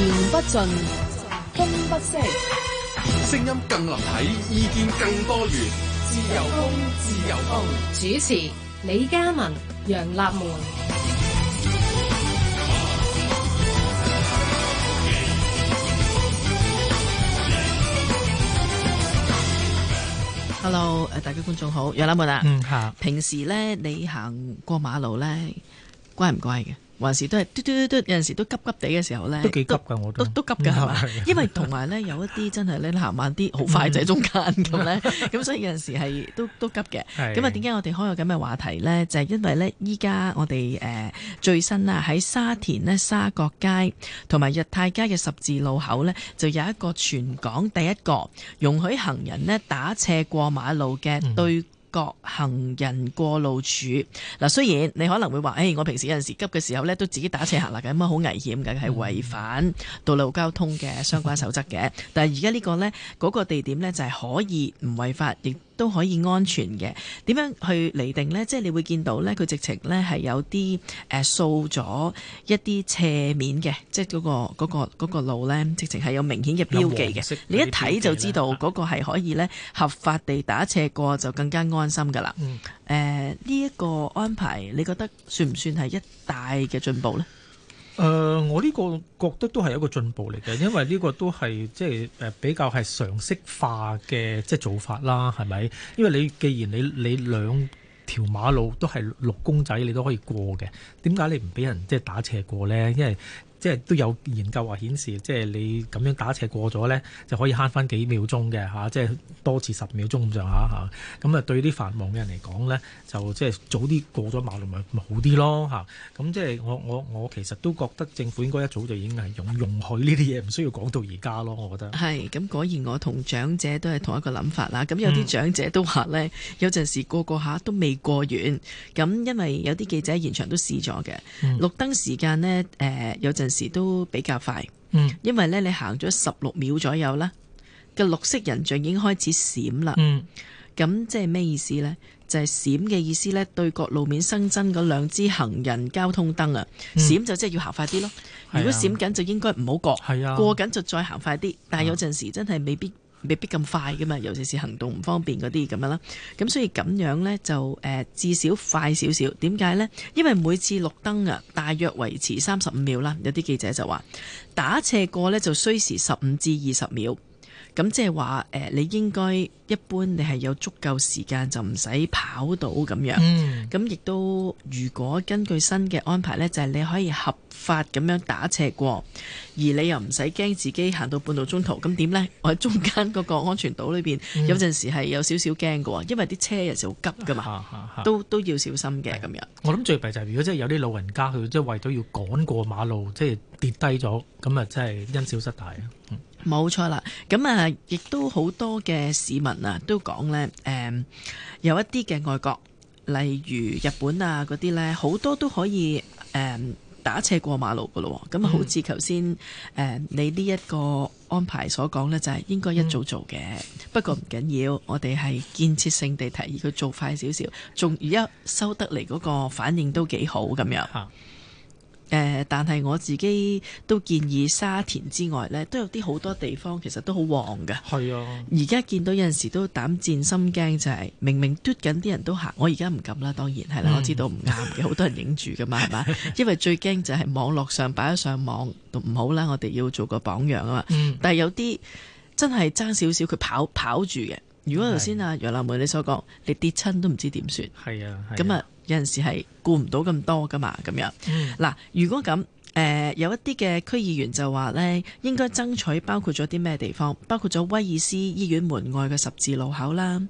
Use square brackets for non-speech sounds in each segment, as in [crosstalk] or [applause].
言不盡，風不息，聲音更立體，意見更多元。自由風，自由風。主持：李嘉文、楊立門。Hello，誒，大家觀眾好，楊立門啊。嗯， [noise] 平時咧，你行過馬路咧，乖唔乖嘅？還是都係嘟嘟嘟嘟，有陣時都急急地嘅時候咧，都都急㗎、嗯，因為同埋咧有一啲真係咧行慢啲，好快就喺中間咁咧，咁、嗯嗯、所以有陣時係都都急嘅。咁啊、嗯，點解我哋開個咁嘅話題咧？就係、是、因為咧，依家我哋誒、呃、最新啦，喺沙田咧沙角街同埋日泰街嘅十字路口咧，就有一個全港第一個容許行人呢打斜過馬路嘅對、嗯各行人過路處嗱，雖然你可能會話，誒、欸，我平時有陣時急嘅時候呢都自己打斜行啦，咁啊好危險嘅，係違反道路交通嘅相關守則嘅。但係而家呢個呢嗰、嗰個地點呢，就係可以唔違法。都可以安全嘅，點樣去釐定呢？即係你會見到呢，佢直情呢係有啲誒掃咗一啲斜面嘅，即係嗰個嗰個嗰個路呢，直情係有明顯嘅標記嘅。記你一睇就知道嗰個係可以咧合法地打斜過，就更加安心噶啦。誒呢一個安排，你覺得算唔算係一大嘅進步呢？誒、呃，我呢個覺得都係一個進步嚟嘅，因為呢個都係即係誒比較係常識化嘅即係做法啦，係咪？因為你既然你你兩條馬路都係六公仔，你都可以過嘅，點解你唔俾人即係打斜過呢？因為即係都有研究話顯示，即係你咁樣打斜過咗呢，就可以慳翻幾秒鐘嘅嚇，即係多至十秒鐘咁上下嚇。咁啊，對啲繁忙嘅人嚟講呢，就即係早啲過咗馬路咪好啲咯嚇。咁即係我我我其實都覺得政府應該一早就已經係容容許呢啲嘢，唔需要講到而家咯。我覺得係。咁果然我同長者都係同一個諗法啦。咁有啲長者都話呢，嗯、有陣時個個下都未過完。咁因為有啲記者現場都試咗嘅，嗯、綠燈時間呢。誒有陣時都比較快，嗯，因為咧你行咗十六秒左右啦，個綠色人像已經開始閃啦，嗯，咁即係咩意思呢？就係閃嘅意思呢，對角路面新增嗰兩支行人交通燈，嗯、啊，閃就即係要行快啲咯。如果閃緊就應該唔好過，係啊，過緊就再行快啲。啊、但係有陣時真係未必。未必咁快㗎嘛，尤其是行動唔方便嗰啲咁樣啦。咁所以咁樣呢，就、呃、誒至少快少少。點解呢？因為每次綠燈啊，大約維持三十五秒啦。有啲記者就話打斜過呢，就需時十五至二十秒。咁即係話誒，你應該一般你係有足夠時間就唔使跑到咁樣。咁亦都如果根據新嘅安排呢，就係、係、你可以合法咁樣打斜過。而你又唔使驚自己行到半路中途，咁點呢？我喺中間嗰個安全島裏邊， [laughs] 嗯、有陣時係有少少驚嘅，因為啲車有時好急嘅嘛，啊啊、都都要小心嘅咁、啊啊、樣。我諗最弊就係、是、如果真係有啲老人家，佢即係為咗要趕過馬路，即係跌低咗，咁啊真係因小失大啊！冇、嗯、錯啦，咁啊亦都好多嘅市民啊都講呢，誒、嗯、有一啲嘅外國，例如日本啊嗰啲呢，好多都可以誒，嗯打斜過馬路嘅咯，咁好似頭先你呢一個安排所講呢，就係應該一早做嘅。嗯、不過唔緊要，嗯、我哋係建設性地提議佢做快少少，仲而家收得嚟嗰個反應都幾好咁樣。啊。呃、但係我自己都建議沙田之外呢都有啲好多地方其實都好旺㗎。係是啊，而家見到有陣時都膽戰心驚，就係明明嘟緊啲人都行，我而家唔敢啦，當然係啦，嗯、我知道唔啱嘅，好多人影住噶嘛，係嘛？ [laughs] 因為最驚就係網絡上擺咗上網都唔好啦，我哋要做個榜樣啊嘛。嗯、但係有啲真係爭少少，佢跑跑住嘅。如果頭先阿楊立梅你所講，你跌親都唔知點算。係啊，啊，啊，咁啊。有陣時係顧唔到咁多㗎嘛，咁樣嗱。如果咁，誒、呃、有一啲嘅區議員就話呢，應該爭取包括咗啲咩地方，包括咗威爾斯醫院門外嘅十字路口啦，誒、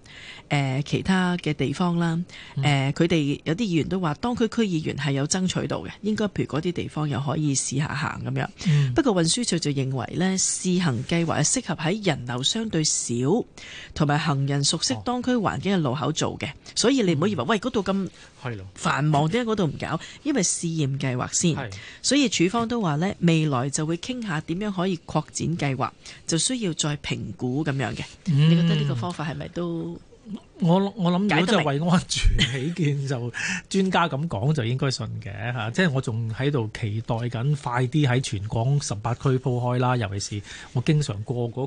呃、其他嘅地方啦，誒佢哋有啲議員都話，當區區議員係有爭取到嘅，應該譬如嗰啲地方又可以試下行咁樣。嗯、不過運輸署就認為呢，試行計劃係適合喺人流相對少同埋行人熟悉當區環境嘅路口做嘅，所以你唔好以為喂，嗰度咁。那繁忙點解嗰度唔搞？因為試驗計劃先，的所以署方都話呢，未來就會傾下點樣可以擴展計劃，就需要再評估咁樣嘅。你覺得呢個方法係咪都？我我諗，如果真係為安全起見就，就 [laughs] 專家咁講就應該信嘅、啊、即係我仲喺度期待緊，快啲喺全港十八區鋪開啦。尤其是我經常過嗰、嗰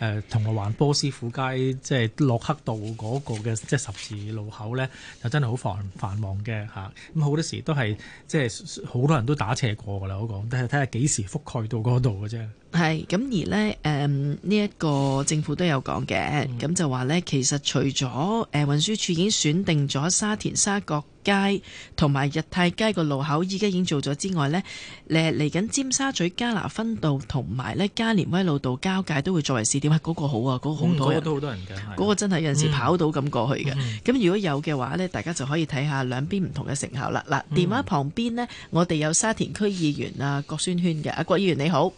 個同、呃、我環波斯富街，即係駱克道嗰個嘅即係十字路口咧，就真係好繁繁忙嘅，咁好多時都係即係好多人都打斜過噶啦，我講睇下睇下幾時覆蓋到嗰度嘅啫。係咁而咧呢一、呃呢個政府都有講嘅，咁就話咧其實除咗我誒、哦呃、運輸署已經選定咗沙田沙角街同埋日泰街個路口，依家已經做咗之外呢，誒嚟緊尖沙咀加拿芬道同埋呢加連威老道交界都會作為試點，嗰、那個好啊，嗰、那個好多好、嗯那個、多人嘅，嗰個真係有陣時跑到咁過去嘅。咁、嗯、如果有嘅話呢，大家就可以睇下兩邊唔同嘅成效啦。嗱，電話旁邊呢，我哋有沙田區議員啊郭宣彤嘅，阿、啊、郭議員你好。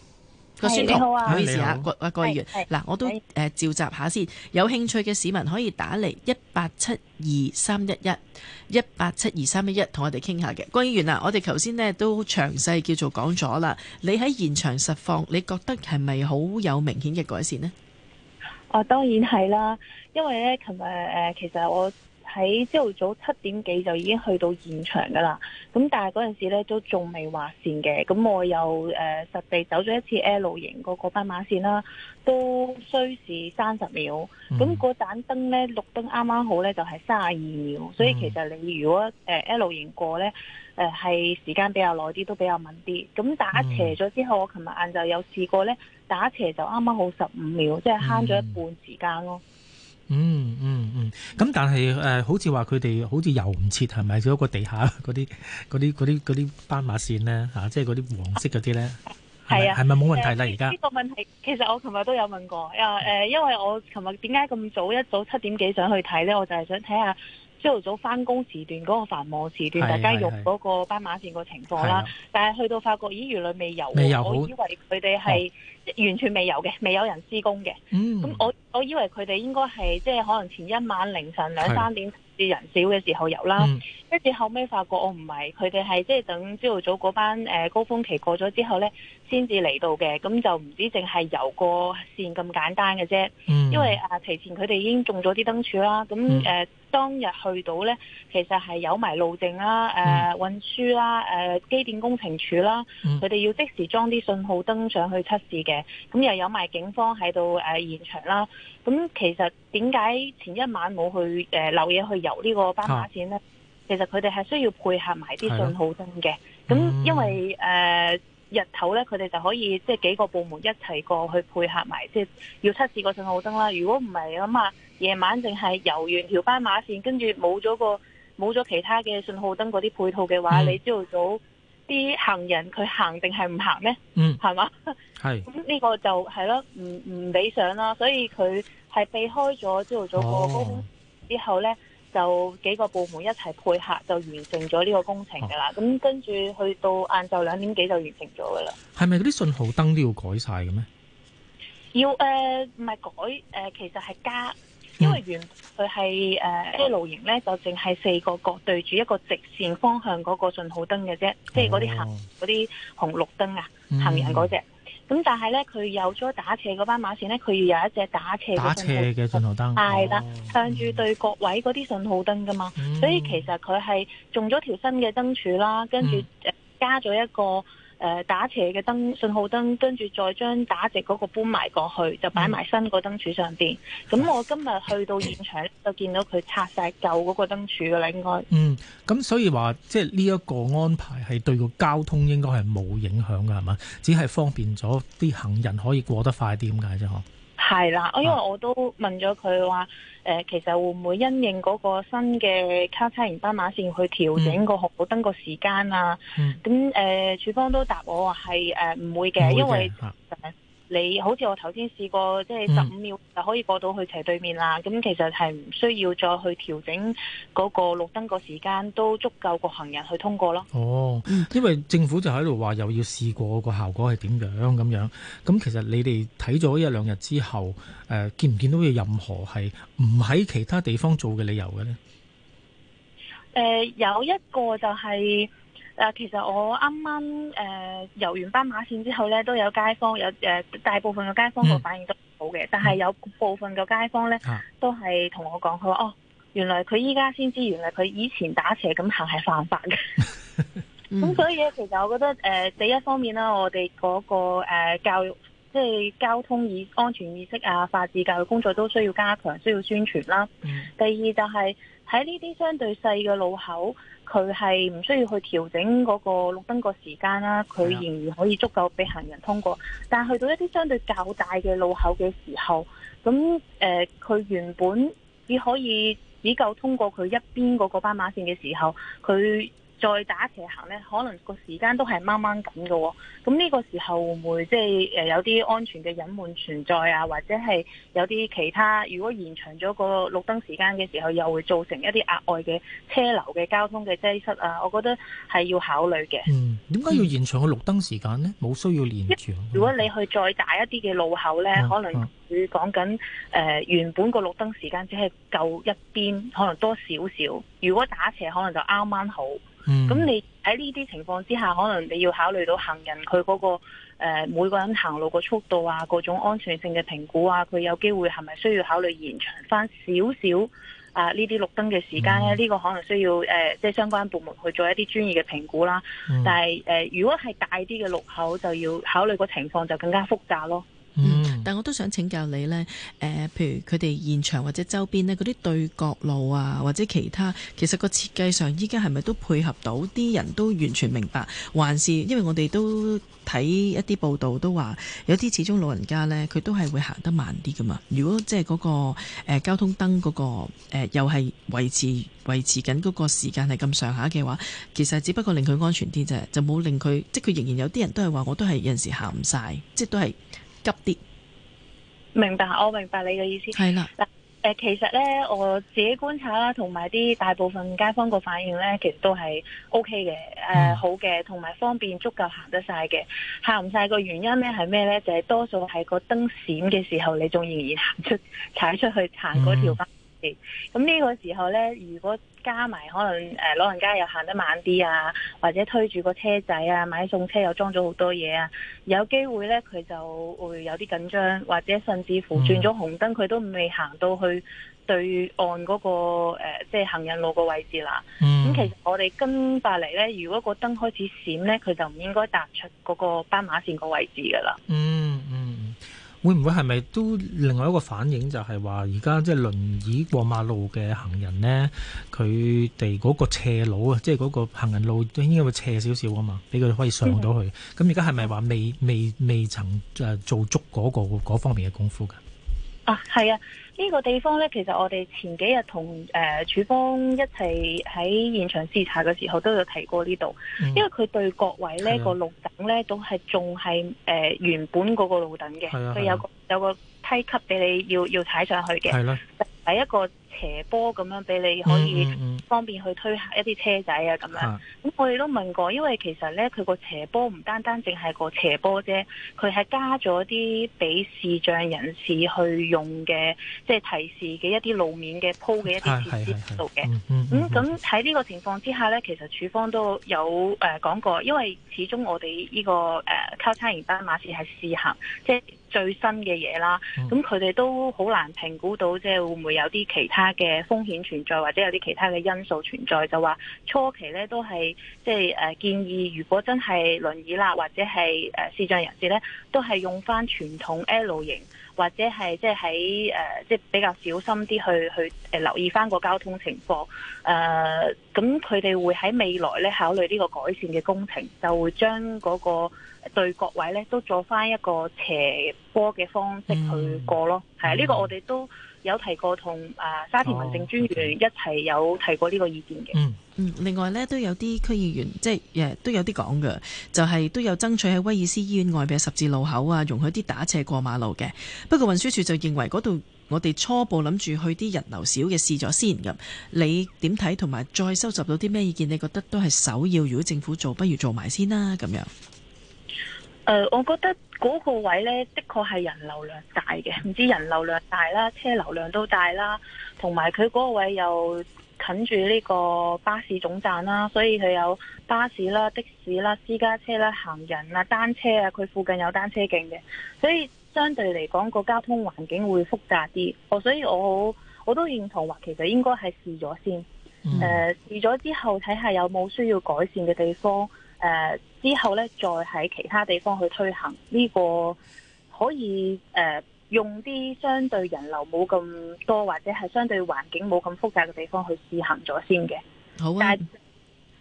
郭宣彤，唔好意思啊，郭郭議員。嗱，我都誒召集下先，有興趣嘅市民可以打嚟一八七二三一一一八七二三一一，同我哋傾下嘅。郭議員啊，我哋頭先呢都詳細叫做講咗啦。你喺現場實況，係，你覺得係咪好有明顯嘅改善呢？哦，當然係啦，因為呢，琴日誒，其實我。喺朝頭早七點幾就已經去到現場噶啦，咁但係嗰陣時咧都仲未劃線嘅，咁我又誒、呃、實地走咗一次 L 型過嗰斑馬線啦，都需時三十秒，咁個盞燈咧綠燈啱啱好咧就係卅二秒，所以其實你如果誒、呃、L 型過咧誒係時間比較耐啲，都比較慢啲。咁打斜咗之後，嗯、我琴日晏晝有試過咧打斜就啱啱好十五秒，即係慳咗一半時間咯。嗯嗯嗯，咁、嗯嗯嗯、但係誒、呃，好似話佢哋好似游唔切係咪？嗰個地下嗰啲嗰啲嗰啲嗰啲斑馬線咧嚇、啊，即係嗰啲黃色嗰啲咧，係啊，係咪冇問題咧？而家呢個問題其實我琴日都有問過，呃、因為因我琴日點解咁早一早七點幾想去睇咧？我就係想睇下。朝頭早返工時段嗰個繁忙時段，那個、時段大家用嗰個斑馬線個情況啦。是的但係去到發覺，咦，原來未有，我以為佢哋係即完全未有嘅，未有人施工嘅。咁我我以為佢哋應該係即係可能前一晚凌晨兩三點。人少嘅時候游啦，跟住，嗯、後尾發覺我唔係，佢哋係即係等朝頭早嗰班誒高峰期過咗之後呢，先至嚟到嘅，咁就唔知淨係遊個線咁簡單嘅啫。嗯、因為啊，提、呃、前佢哋已經中咗啲燈柱啦，咁誒、嗯呃、當日去到呢，其實係有埋路政啦、誒、呃、運輸啦、誒、呃、機電工程處啦，佢哋、嗯、要即時裝啲信號燈上去測試嘅，咁又有埋警方喺度誒現場啦。咁其實點解前一晚冇去誒、呃、漏嘢去游呢個斑馬線呢？啊、其實佢哋係需要配合埋啲信號燈嘅。咁的因為誒、呃嗯、日頭呢，佢哋就可以即係幾個部門一齊過去配合埋，即係要測試個信號燈啦。如果唔係咁啊，夜晚淨係游完條斑馬線，跟住冇咗個冇咗其他嘅信號燈嗰啲配套嘅話，嗯、你朝早。啲行人佢行定係唔行呢？嗯，係嘛吧？係咁呢個就係咯，唔唔理想啦。所以佢係避開咗朝頭早個高峰之後呢，哦、就幾個部門一齊配合就完成咗呢個工程噶啦。咁跟住去到晏晝兩點幾就完成咗噶啦。係咪嗰啲信號燈都要改晒嘅咩？要誒，唔係改誒、呃、呃，其實係加。因為原，佢係誒 L 型咧，就淨係四個角對住一個直線方向嗰個信號燈嘅啫，即係嗰啲行嗰啲紅綠燈啊，嗯、行人嗰隻。咁但係咧，佢有咗打斜嗰斑馬線咧，佢要有一隻打斜嘅信號燈。係啦，向住對角位嗰啲信號燈噶嘛，嗯、所以其實佢係中咗條新嘅燈柱啦，跟住、嗯、加咗一個。誒，打斜嘅燈，信號燈，跟住再將打直嗰個搬埋過去，就擺埋新個燈柱上邊。咁、嗯、我今日去到現場 [coughs] 就見到佢拆晒舊嗰個燈柱噶啦，應該。嗯，咁所以話即係呢一個安排係對個交通應該係冇影響噶，係嘛？只係方便咗啲行人可以過得快啲咁解啫，嗬。係啦，我因為我都問咗佢話，誒、啊呃，其實會唔會因應嗰個新嘅交叉型斑馬線去調整個紅綠燈個時間啊？咁誒、嗯呃，處方都答我話係誒唔會嘅，會的因為。啊你好似我頭先試過，即係十五秒就可以過到去斜對面啦。咁、嗯、其實係唔需要再去調整嗰個綠燈個時間，都足夠個行人去通過咯。哦，因為政府就喺度話又要試過個效果係點樣咁樣。咁其實你哋睇咗一兩日之後，誒、呃、見唔見到有任何係唔喺其他地方做嘅理由嘅呢？誒、呃、有一個就係、是。誒、呃，其實我啱啱誒游完斑馬線之後咧，都有街坊有誒、呃，大部分嘅街坊個反應都好嘅，嗯、但係有部分嘅街坊咧，啊、都係同我講，佢話哦，原來佢依家先知，原來佢以前打斜咁行係犯法嘅。咁、 [laughs] 嗯、所以咧，其實我覺得誒、呃，第一方面啦，我哋嗰、那個誒、呃、教育，即、就、係、是、交通意安全意識啊、法治教育工作都需要加強，需要宣傳啦。嗯、第二就係、是。喺呢啲相對細嘅路口，佢係唔需要去調整嗰個綠燈個時間啦，佢仍然可以足夠俾行人通過。但係去到一啲相對較大嘅路口嘅時候，咁呃、佢、原本只可以只夠通過佢一邊嗰個斑馬線嘅時候，佢，再打斜行呢，可能個時間都係掹掹咁嘅。咁呢個時候會唔會即係有啲安全嘅隱瞞存在啊？或者係有啲其他？如果延長咗個綠燈時間嘅時候，又會造成一啲額外嘅車流嘅交通嘅擠塞啊？我覺得係要考慮嘅。嗯，點解要延長個綠燈時間呢？冇需要連住。如果你去再大一啲嘅路口呢，嗯嗯、可能會講緊誒原本個綠燈時間只係夠一邊，可能多少少。如果打斜可能就啱啱好。咁、嗯、你喺呢啲情況之下，可能你要考慮到行人佢嗰、嗰個誒、呃，每個人行路個速度啊，各種安全性嘅評估啊，佢有機會係咪需要考慮延長翻少少啊？呃、燈呢啲綠燈嘅時間咧，呢、嗯、個可能需要誒、呃，即係相關部門去做一啲專業嘅評估啦。嗯、但係誒、呃，如果係大啲嘅路口，就要考慮個情況就更加複雜咯。但我都想請教你呢。誒、呃，譬如佢哋現場或者周邊呢嗰啲對角路啊，或者其他，其實個設計上依家係咪都配合到啲人都完全明白，還是因為我哋都睇一啲報道都話有啲始終老人家呢，佢都係會行得慢啲㗎嘛。如果即係嗰個、呃、交通燈嗰、嗰個、呃、又係維持維持緊嗰個時間係咁上下嘅話，其實只不過令佢安全啲啫，就冇令佢即佢仍然有啲人都係話我都係有陣時行唔晒，即都係急啲。明白，我明白你嘅意思。係啦的，嗱，誒，其實咧，我自己觀察啦，同埋啲大部分街坊個反應咧，其實都係 O K 嘅，誒、嗯呃，好嘅，同埋方便足夠行得晒嘅。行唔晒個原因咧係咩咧？就係、是、多數喺個燈閃嘅時候，你仲仍然行出踩出去行嗰條、街、嗯。咁呢個時候咧，如果加埋可能誒老人家又行得慢啲啊，或者推住個車仔啊，買餸車又裝咗好多嘢啊，有機會呢，佢就會有啲緊張，或者甚至乎轉咗紅燈，佢都未行到去對岸嗰個誒即係行人路個位置啦。咁、嗯、其實我哋跟隔離呢，如果個燈開始閃呢，佢就唔應該踏出嗰個斑馬線個位置噶啦。嗯會唔會係咪都另外一個反應就係話而家即係輪椅過馬路嘅行人呢？佢哋嗰個斜路啊，即係嗰個行人路都應該會斜少少啊嘛，俾佢哋可以上到去。咁而家係咪話未未未曾做足嗰個嗰方面嘅功夫㗎？啊，係啊。呢個地方呢，其實我哋前幾日同誒署方一齊喺現場視察嘅時候都有提過呢度，嗯、因為佢對角位呢個、嗯、路等呢，都係仲係誒原本嗰個路等嘅，佢的有個的有個梯級俾你要要踩上去嘅，係啦的，第一個斜坡咁樣俾你可以方便去推行一啲車仔啊咁樣，咁、嗯嗯、我哋都問過，因為其實呢，佢個斜坡唔單單淨係個斜坡啫，佢係加咗啲俾視障人士去用嘅，即係提示嘅一啲路面嘅鋪嘅一啲設施度嘅。咁咁喺呢個情況之下呢，其實署方都有誒、呃、講過，因為始終我哋呢、這個誒、呃、交叉型斑馬線係試行，即係最新嘅嘢啦。咁佢哋都好難評估到，即係會唔會有啲其他。嘅風險存在，或者有啲其他嘅因素存在，就話初期呢，都係即係、呃、建議，如果真係輪椅啦，或者係誒、呃、視像視障人士呢，都係用翻傳統 L 型，或者係即係喺誒即係比較小心啲去去誒、呃、留意翻個交通情況。誒咁佢哋會喺未來咧考慮呢個改善嘅工程，就會將嗰個對角位呢，都做翻一個斜坡嘅方式去過咯。係啊、嗯，呢、這個我哋都嗯有提過同誒沙田民政專員一齊有提過呢個意見嘅。嗯嗯，另外呢，都有啲區議員即係誒都有啲講嘅，就係、是、都有爭取喺威爾斯醫院外邊十字路口啊，容許啲打斜過馬路嘅。不過運輸署就認為嗰度我哋初步諗住去啲人流少嘅試咗先。咁你點睇？同埋再收集到啲咩意見？你覺得都係首要？如果政府做，不如做埋先啦。咁樣。誒、呃，我覺得嗰個位呢，的確係人流量大嘅，唔知人流量大啦，車流量都大啦，同埋佢嗰個位又近住呢個巴士總站啦，所以佢有巴士啦、的士啦、私家車啦、行人啊、單車啊，佢附近有單車徑嘅，所以相對嚟講個交通環境會複雜啲。我所以我我都認同話，其實應該係試咗先。誒、呃，試咗之後睇下有冇需要改善嘅地方。誒、呃。之後呢，再喺其他地方去推行呢、這個，可以誒、呃、用啲相對人流冇咁多，或者係相對環境冇咁複雜嘅地方去試行咗先嘅。好，但係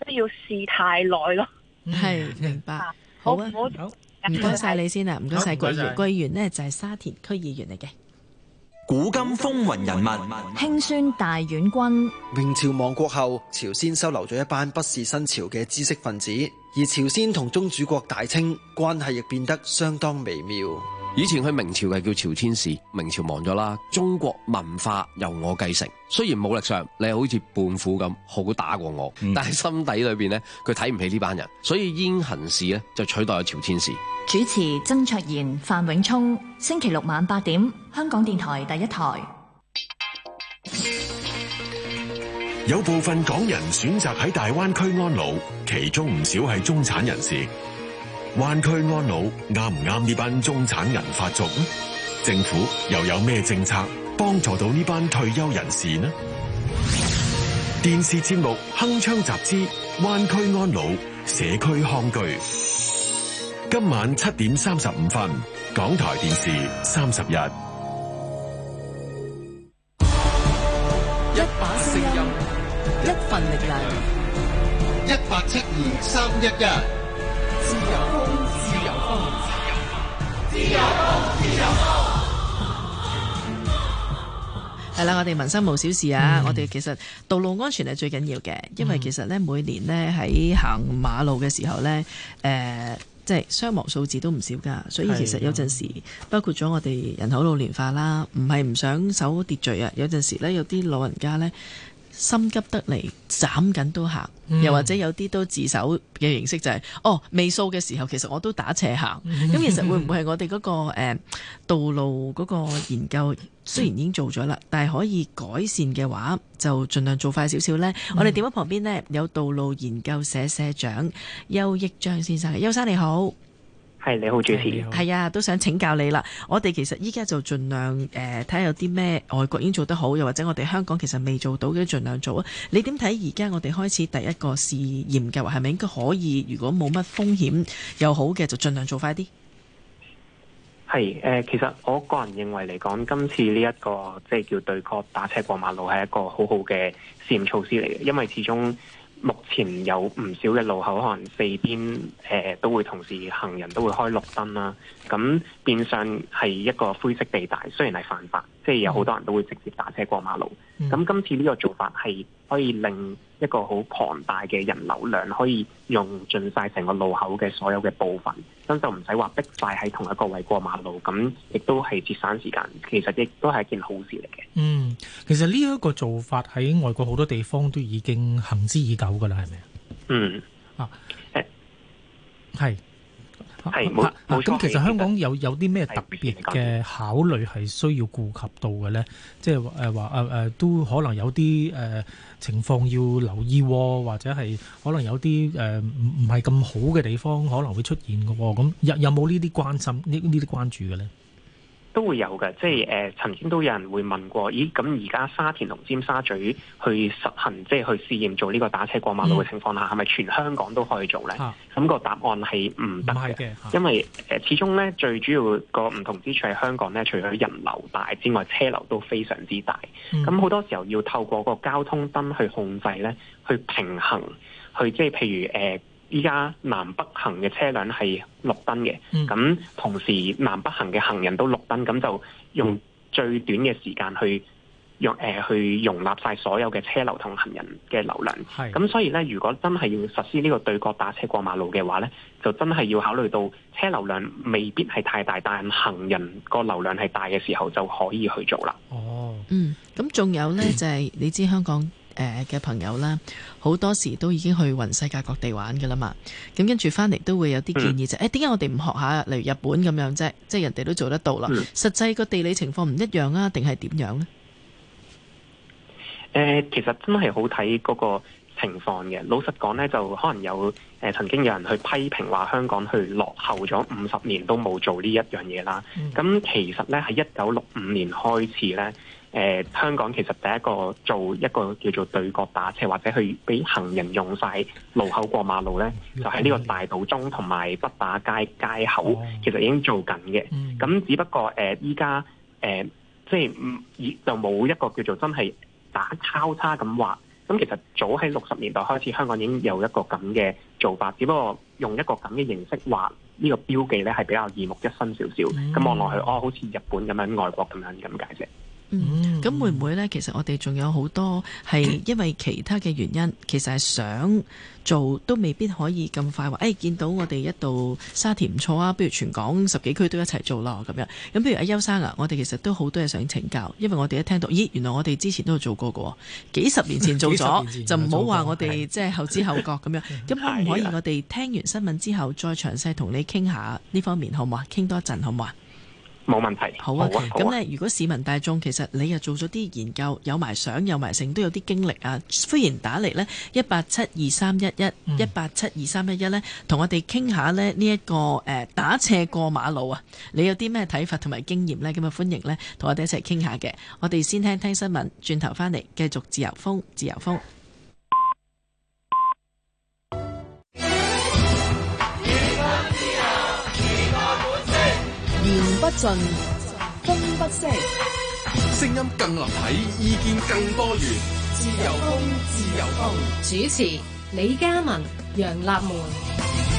都要試太耐咯。係明白好啊，好唔該晒你先啊，唔該晒。郭議員。郭議員呢就係、是、沙田區議員嚟嘅。古今風雲人物，興宣大院君。明朝亡國後，朝鮮收留咗一班不仕新朝嘅知識分子。而朝鮮同宗主國大清關係亦變得相當微妙。以前去明朝係叫朝天士，明朝亡咗啦。中國文化由我繼承，雖然武力上你好似胖虎咁好打過我，但係心底裏邊呢，佢睇唔起呢班人，所以燕行士呢，就取代咗朝天士。主持曾卓賢、范永聰，星期六晚八點，香港電台第一台。有部分港人選擇喺大灣區安老，其中唔少係中產人士。灣區安老啱唔啱呢班中產人發作呢？政府又有咩政策幫助到呢班退休人士呢？電視節目《鏗鏘集資》灣區安老社區康居，今晚七點三十五分，港台電視三十一。一八七二三一一。自由風，自由風自由風，自由風自由風，自由風。係啦， [laughs] 我哋民生無小事啊！Mm. 我哋其實道路安全係最緊要嘅，因為其實呢，每年呢，喺行馬路嘅時候呢，誒、mm. 呃，即係傷亡數字都唔少噶。所以其實有陣時，包括咗我哋人口老年化啦，唔係唔想守秩序啊！有陣時呢，有啲老人家呢。心急得嚟，斬緊都行，又或者有啲都自首嘅形式就係、是，嗯、哦未掃嘅時候，其實我都打斜行，咁 [laughs] 其實會唔會係我哋嗰個道路嗰個研究，雖然已經做咗啦，但係可以改善嘅話，就盡量做快少少呢、嗯、我哋電話旁邊呢，有道路研究社社長邱益 [laughs] 彰先生，邱生你好。係你，你好，主持係啊，都想請教你啦。我哋其實依家就盡量誒睇下有啲咩外國已經做得好，又或者我哋香港其實未做到嘅，盡量做啊。你點睇而家我哋開始第一個試驗嘅話，係咪應該可以？如果冇乜風險又好嘅，就盡量做快啲。係誒、呃，其實我個人認為嚟講，今次呢、這、一個即係叫對角打斜過馬路係一個好好嘅試驗措施嚟嘅，因為始終。目前有唔少嘅路口，可能四邊誒、呃、都會同時行人都會開綠燈啦。咁變相係一個灰色地帶，雖然係犯法，即係有好多人都會直接打斜過馬路。咁、嗯、今次呢個做法係可以令一個好龐大嘅人流量可以用盡晒成個路口嘅所有嘅部分，咁就唔使話逼晒喺同一個位過馬路。咁亦都係節省時間，其實亦都係一件好事嚟嘅。嗯，其實呢一個做法喺外國好多地方都已經行之已久㗎喇，係咪、嗯、啊？嗯、欸。啊，係。係啊咁，啊、其實香港有有啲咩特別嘅考慮，係需要顧及到嘅咧？即係誒話誒誒，都可能有啲誒、啊、情況要留意，或者係可能有啲誒唔唔係咁好嘅地方可能會出現嘅。咁有有冇呢啲關心呢呢啲關注嘅咧？都會有嘅，即係誒、呃，曾經都有人會問過，咦？咁而家沙田同尖沙咀去實行，即係去試驗做呢個打斜過馬路嘅情況下，係咪、嗯、全香港都可以做咧？咁、啊、個答案係唔得嘅，啊、因為誒、呃，始終咧最主要個唔同之處喺香港咧，除咗人流大之外，車流都非常之大，咁好、嗯、多時候要透過個交通燈去控制咧，去平衡，去即係譬如誒。呃依家南北行嘅車輛係綠燈嘅，咁、嗯、同時南北行嘅行人都綠燈，咁就用最短嘅時間去容誒、呃、去容納晒所有嘅車流同行人嘅流量。咁是所以呢，如果真係要實施呢個對角打斜過馬路嘅話呢，就真係要考慮到車流量未必係太大，但行人個流量係大嘅時候就可以去做啦。哦，嗯，咁仲有呢，嗯、就係你知香港。誒嘅朋友啦，好多時都已經去云世界各地玩噶啦嘛，咁跟住翻嚟，都會有啲建議就誒，點解、嗯、我哋唔學下，例如日本咁樣啫，即係人哋都做得到啦。嗯、實際個地理情況唔一樣啊，定係點樣呢？誒，其實真係好睇嗰個情況嘅。老實講呢，就可能有誒曾經有人去批評話香港去落後咗五十年都冇做呢一樣嘢啦。咁、嗯、其實呢，喺一九六五年開始呢。誒、呃、香港其實第一個做一個叫做對角打斜，或者去俾行人用晒路口過馬路呢，就喺、是、呢個大道中同埋畢打街街口，其實已經做緊嘅。咁只不過誒依家誒即係就冇一個叫做真係打交叉咁畫。咁其實早喺六十年代開始，香港已經有一個咁嘅做法，只不過用一個咁嘅形式畫呢、這個標記呢係比較耳目一新少少。咁望落去，哦，好似日本咁樣、外國咁樣咁解啫。嗯，咁會唔會呢？嗯、其實我哋仲有好多係因為其他嘅原因， [coughs] 其實係想做都未必可以咁快話。誒、哎，見到我哋一度沙田唔錯啊，不如全港十幾區都一齊做咯咁樣。咁，譬如阿邱生啊，我哋其實都好多嘢想請教，因為我哋一聽到，咦，原來我哋之前都有做過嘅喎，幾十年前做咗， [laughs] 做就唔好話我哋即係後知後覺咁的樣。咁可唔可以我哋聽完新聞之後再詳細同你傾下呢方面好唔好啊？傾多一陣好唔好啊？冇問題好、啊。好啊，咁呢，如果市民大眾，其實你又做咗啲研究，有埋相，有埋成，都有啲經歷啊。歡迎打嚟，呢，一八七二三一一一八七二三一一呢，同我哋傾下呢一個誒打斜過馬路啊，你有啲咩睇法同埋經驗呢？咁啊，歡迎呢，同我哋一齊傾下嘅。我哋先聽聽新聞，轉頭翻嚟繼續自由風，自由風。言不盡，風不息。聲音更立體，意見更多元。自由風，自由風。主持：李嘉文、楊立門。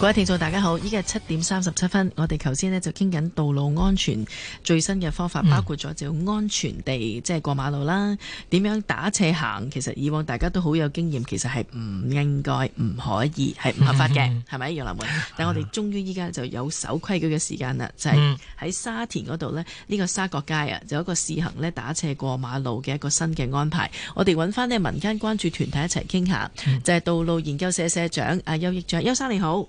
各位聽眾，大家好！依家係七點三十七分，我哋頭先呢就傾緊道路安全最新嘅方法，包括咗就安全地、嗯、即係過馬路啦，點樣打斜行？其實以往大家都好有經驗，其實係唔應該、唔可以、係唔合法嘅，係咪楊立文？但我哋終於依家就有守規矩嘅時間啦，就係、是、喺沙田嗰度呢，呢、這個沙角街啊，就有一個試行呢打斜過馬路嘅一個新嘅安排。我哋揾翻，呢民間關注團體一齊傾下，就係、是、道路研究社社長邱益、啊、彰，邱生你好。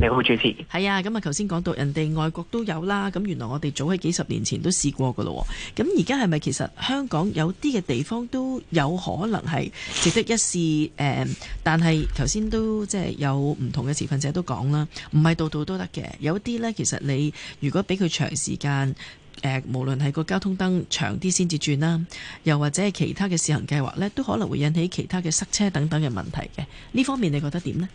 你好，主持。係啊，咁啊，頭先講到人哋外國都有啦，咁原來我哋早喺幾十年前都試過噶咯。咁而家係咪其實香港有啲嘅地方都有可能係值得一試？誒、呃，但係頭先都即係有唔同嘅持份者都講啦，唔係度度都得嘅。有啲呢，其實你如果俾佢長時間，誒、呃，無論係個交通燈長啲先至轉啦，又或者係其他嘅試行計劃呢，都可能會引起其他嘅塞車等等嘅問題嘅。呢方面你覺得點呢？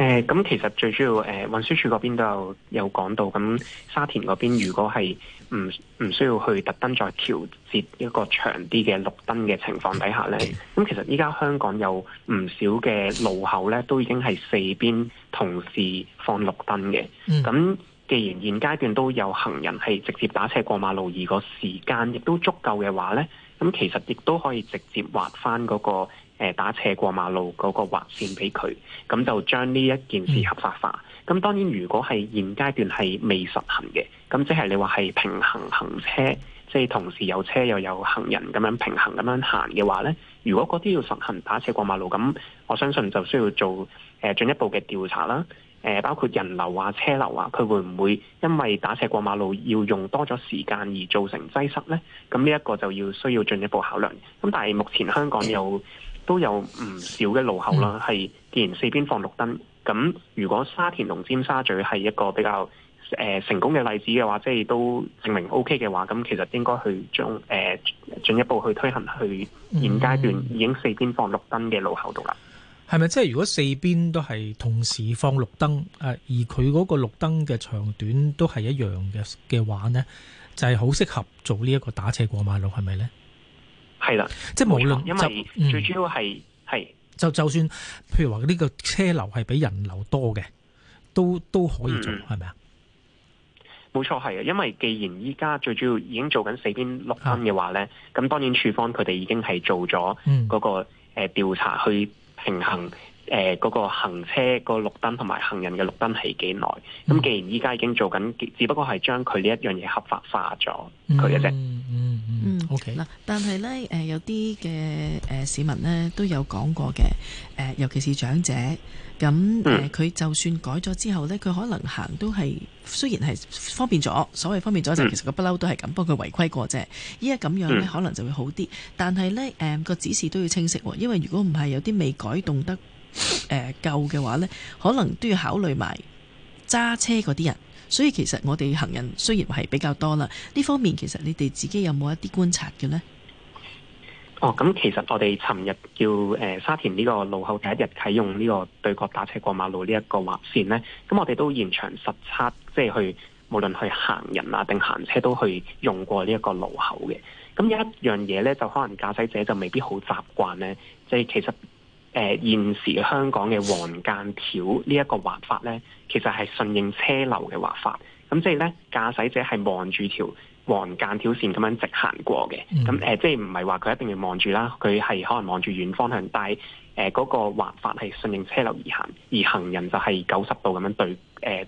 誒咁、呃、其實最主要誒、呃、運輸署嗰邊都有有講到，咁沙田嗰邊如果係唔唔需要去特登再調節一個長啲嘅綠燈嘅情況底下呢，咁其實依家香港有唔少嘅路口呢，都已經係四邊同時放綠燈嘅。咁、嗯、既然現階段都有行人係直接打斜過馬路，而個時間亦都足夠嘅話呢，咁其實亦都可以直接劃翻嗰個。誒打斜過馬路嗰個劃線俾佢，咁就將呢一件事合法化。咁當然，如果係現階段係未實行嘅，咁即係你話係平衡行車，即係同時有車又有行人咁樣平衡咁樣行嘅話呢，如果嗰啲要實行打斜過馬路，咁我相信就需要做誒進一步嘅調查啦，呃，包括人流啊、車流啊，佢會唔會因為打斜過馬路要用多咗時間而造成擠塞呢？咁呢一個就要需要進一步考慮。咁但係目前香港有，都有唔少嘅路口啦，係既然四邊放綠燈，咁如果沙田同尖沙咀係一個比較誒、呃、成功嘅例子嘅話，即係都證明 OK 嘅話，咁其實應該去將誒進一步去推行去現階段已經四邊放綠燈嘅路口度啦。係咪即係如果四邊都係同時放綠燈誒而佢嗰個綠燈嘅長短都係一樣嘅嘅話咧，就係好適合做呢一個打斜過馬路，係咪咧？係啦，是的即係無論，因為最主要係係，嗯、是就就算譬如話呢個車流係比人流多嘅，都都可以做，係咪啊？冇錯係啊，因為既然依家最主要已經做緊四邊六分嘅話咧，咁、啊、當然處方佢哋已經係做咗嗰個誒調查去平衡、嗯。平衡誒嗰，呃嗰個行車，嗰個綠燈同埋行人嘅綠燈係幾耐？咁既然依家已經做緊，只不過係將佢呢一樣嘢合法化咗佢嘅啫。嗯嗯 O K。嗱 Okay.，但係咧，誒有啲嘅誒市民咧都有講過嘅，誒尤其是長者，咁誒佢就算改咗之後咧，佢可能行都係雖然係方便咗，所謂方便咗就係嗯，其實個不嬲都係咁，幫佢違規過啫。依家咁樣咧，嗯、可能就會好啲，但係咧，誒、呃、個指示都要清晰喎，哦，因為如果唔係有啲未改動得。誒，夠嘅、呃、話呢，可能都要考慮埋揸車嗰啲人，所以其實我哋行人雖然係比較多啦，呢方面其實你哋自己有冇一啲觀察嘅呢？哦，咁其實我哋尋日叫誒沙田呢個路口第一日啟用呢個對角打斜過馬路呢一個劃線呢，咁我哋都現場實測，即係去無論去行人啊定行車都去用過呢一個路口嘅。咁有一樣嘢呢，就可能駕駛者就未必好習慣呢，即係其實。誒、呃、現時香港嘅黃間條呢一個畫法咧，其實係順應車流嘅畫法。咁、嗯、即係咧，駕駛者係望住條黃間條線咁樣直行過嘅。咁、嗯、誒、呃，即係唔係話佢一定要望住啦，佢係可能望住遠方向，但係誒嗰個畫法係順應車流而行，而行人就係九十度咁樣對誒、呃、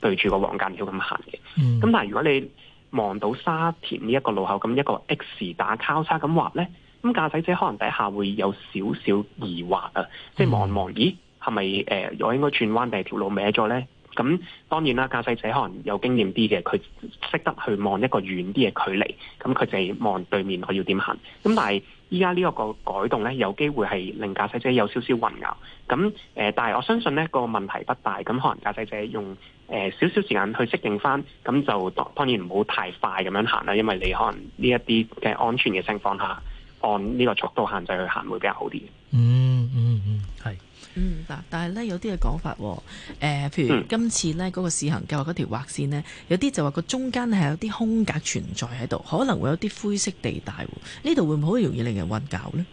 對住個黃間條咁行嘅。咁、嗯、但係如果你望到沙田呢一個路口咁一個 X 打交叉咁畫咧？咁駕駛者可能底下會有少少疑惑啊，即係望望，咦，係咪誒？我應該轉彎定係條路歪咗咧？咁當然啦，駕駛者可能有經驗啲嘅，佢識得去望一個遠啲嘅距離，咁佢就望對面我要點行。咁但係依家呢一個改動咧，有機會係令駕駛者有少少混淆。咁誒、呃，但係我相信咧個問題不大。咁可能駕駛者用誒少少時間去適應翻，咁就當然唔好太快咁樣行啦，因為你可能呢一啲嘅安全嘅情況下。按呢個速度限制去行會比較好啲、嗯。嗯嗯嗯，係。嗯嗱、哦，但係咧有啲嘅講法喎，譬如今次咧嗰、嗯、個試行計劃嗰條劃線咧，有啲就話個中間係有啲空格存在喺度，可能會有啲灰色地帶，呢度會唔會好容易令人混淆呢？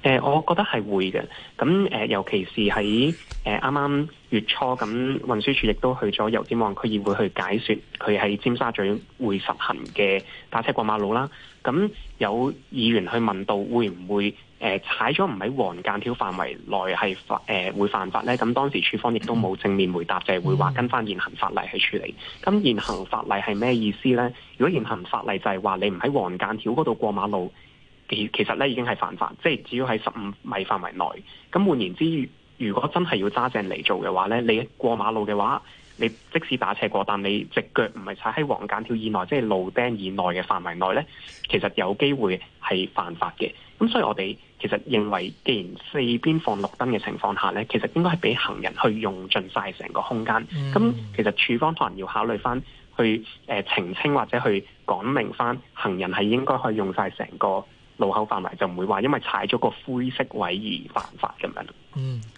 誒、呃，我覺得係會嘅。咁誒、呃，尤其是喺誒啱啱月初，咁運輸署亦都去咗油尖旺區議會去解説佢喺尖沙咀會實行嘅打斜過馬路啦。咁有議員去問到會唔會誒、呃、踩咗唔喺黃間條範圍內係誒、呃、會犯法咧？咁當時處方亦都冇正面回答，就係會話跟翻現行法例去處理。咁現行法例係咩意思咧？如果現行法例就係話你唔喺黃間條嗰度過馬路，其其實咧已經係犯法，即係只要喺十五米範圍內。咁換言之，如果真係要揸正嚟做嘅話咧，你過馬路嘅話，你即使打斜過，但你隻腳唔係踩喺黃間條以內，即係路釘以內嘅範圍內呢，其實有機會係犯法嘅。咁所以我哋其實認為，既然四邊放綠燈嘅情況下呢，其實應該係俾行人去用盡晒成個空間。咁、mm hmm. 其實處方可能要考慮翻，去誒澄清或者去講明翻行人係應該去用晒成個路口範圍，就唔會話因為踩咗個灰色位而犯法咁樣。嗯、mm。Hmm.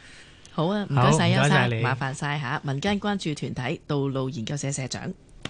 好啊，唔該晒優生，麻煩晒吓民間關注團體道路研究社社長。